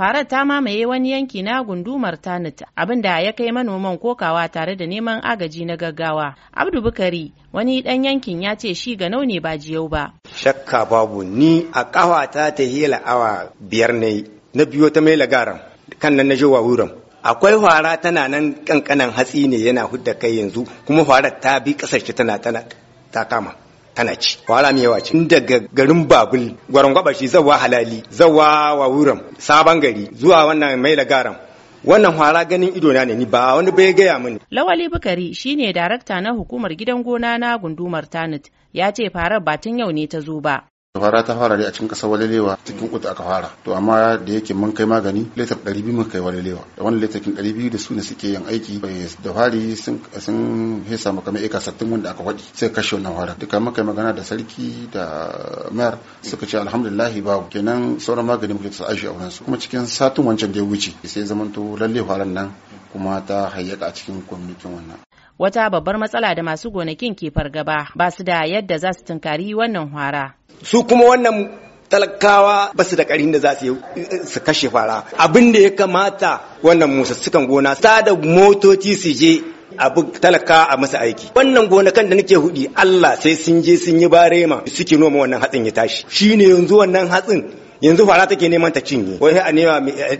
farar ta mamaye wani yanki na gundumar tanit abin da ya kai manoman kokawa tare da neman agaji na gaggawa abdu bukari wani dan yankin ya ce shi ga ne ba jiyau ba shakka babu ni a kawata ta hila awa biyar ne na biyo ta mai lagaran kan nan na jowa wuran akwai fara tana nan kankanan hatsi ne yana hudda kai yanzu kuma farar ta bi ƙasashe tana tana ta kama kana ci wala mai yawa daga garin babul gwaba shi zawa halali zawa wuram sabon gari zuwa wannan mai garam wannan hwara ganin ido na ne ni ba wani bai gaya mini. Lawali Bukari shine darakta na hukumar gidan gona na gundumar Tanit ya ce farar ba tun yau ne ta zo ba. fara ta fara dai a cikin kasar walelewa cikin kuta aka fara to amma da yake mun kai magani letar 200 mun kai walelewa da wannan letakin 200 da su ne suke yin aiki eh, da fari sun sun hesa maka mai ikasattun wanda aka wadi sai kashe wannan fara duka mun kai magana da sarki da mayar suka ce alhamdulillah babu kenan sauran magani muke sa aji a wurin su kuma cikin satin wancan da ya wuce sai zamanto lalle faran nan kuma ta hayyaka a cikin kwamitin wannan wata babbar matsala da masu gonakin ke fargaba ba su da yadda za su tunkari wannan hwara. Su kuma wannan talakawa ba su da karin da za su kashe fara abin da ya kamata wannan sukan gona ta da motoci su je abu talaka a masa aiki wannan gonakan da nake hudi Allah sai sun je sun yi barema suke noma wannan hatsin ya tashi shine yanzu wannan hatsin yanzu fara take neman ta cinye wai sai a nema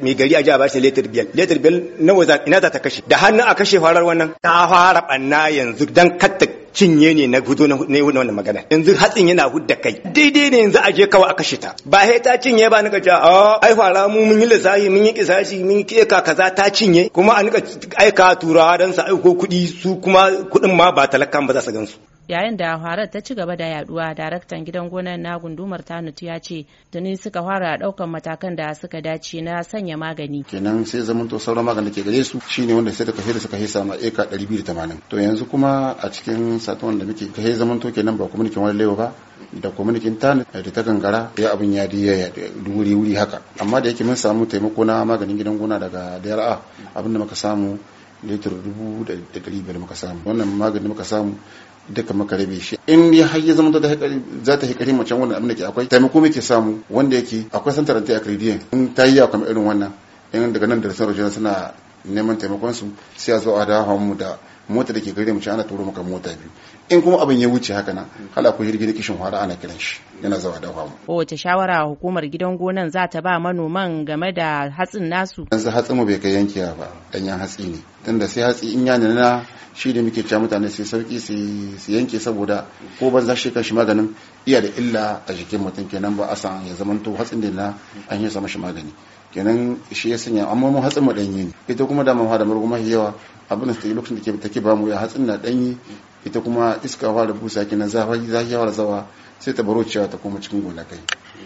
mai gari a ji a bashi letter bill letter bill waza ina za ta kashe da hannu a kashe farar wannan ta fara banna yanzu dan katta cinye ne na gudu na wannan magana yanzu hatsin yana hudda kai daidai ne yanzu a je kawai a kashe ta ba sai ta cinye ba nika ja a oh, ai fara mu mun yi lissafi mun yi kisashi mun yi kika kaza ta cinye kuma a nika aika turawa dan sa aiko kuɗi su kuma kuɗin ma ba talakan ba za su gansu yayin da harar ta ci gaba da yaduwa daraktan gidan gonar na gundumar tanutu ya ce tuni suka fara daukan matakan da suka dace na sanya magani kenan sai zaman to sauran magani ke gare su shine wanda sai da kashe da suka hisa ma eka 280 to yanzu kuma a cikin satuwan da muke kashe zaman to kenan ba nikin wani lewa ba da kwamitin tanu da ta gangara ya abin ya ya wuri wuri haka amma da yake mun samu taimako na maganin gidan gona daga DRA abinda muka samu litir dubu da ɗari biyar muka samu wannan magani muka samu duka maka rabe shi in ya har ya zama za ta hikari macen wannan abin da ke akwai taimako muke samu wanda yake akwai santar anti acridian in ta yi yawa kamar irin wannan in daga nan da rasar rajina suna neman taimakon su sai a zo a mu da mota da ke gare mu ci ana turo maka mota biyu in kuma abin ya wuce haka nan hala ko hirgi da kishin hwara ana kiran shi yana zawa da ko wace shawara hukumar gidan gonan za ta ba manoman game da hatsin nasu yanzu hatsin mu bai kai yankewa ba danyen hatsi ne tunda sai hatsi in ya nuna shi da muke cewa mutane sai sauki su yanke saboda ko za shi kan shi maganin iya da illa a jikin mutum kenan ba a san ya zamanto hatsin da na an yi sama shi magani kenan shi ya sanya amma mu hatsin mu danye ne ita kuma da mu da murguma yawa abin da lokacin da ke take bamu ya hatsin na danyi ita kuma iska fara busa kina zafi zafi fara zawa sai ta baro cewa ta koma cikin kai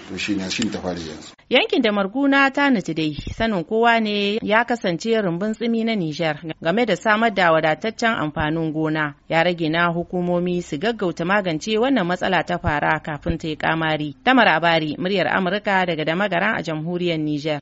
to shi ne shi ta fara yanzu yankin da marguna ta nuti dai sanin kowa ne ya kasance rumbun tsimi na niger game da samar da wadataccen amfanin gona ya rage na hukumomi su gaggauta magance wannan matsala ta fara kafin ta yi kamari tamar abari muryar Amurka daga magaran a jamhuriyar niger.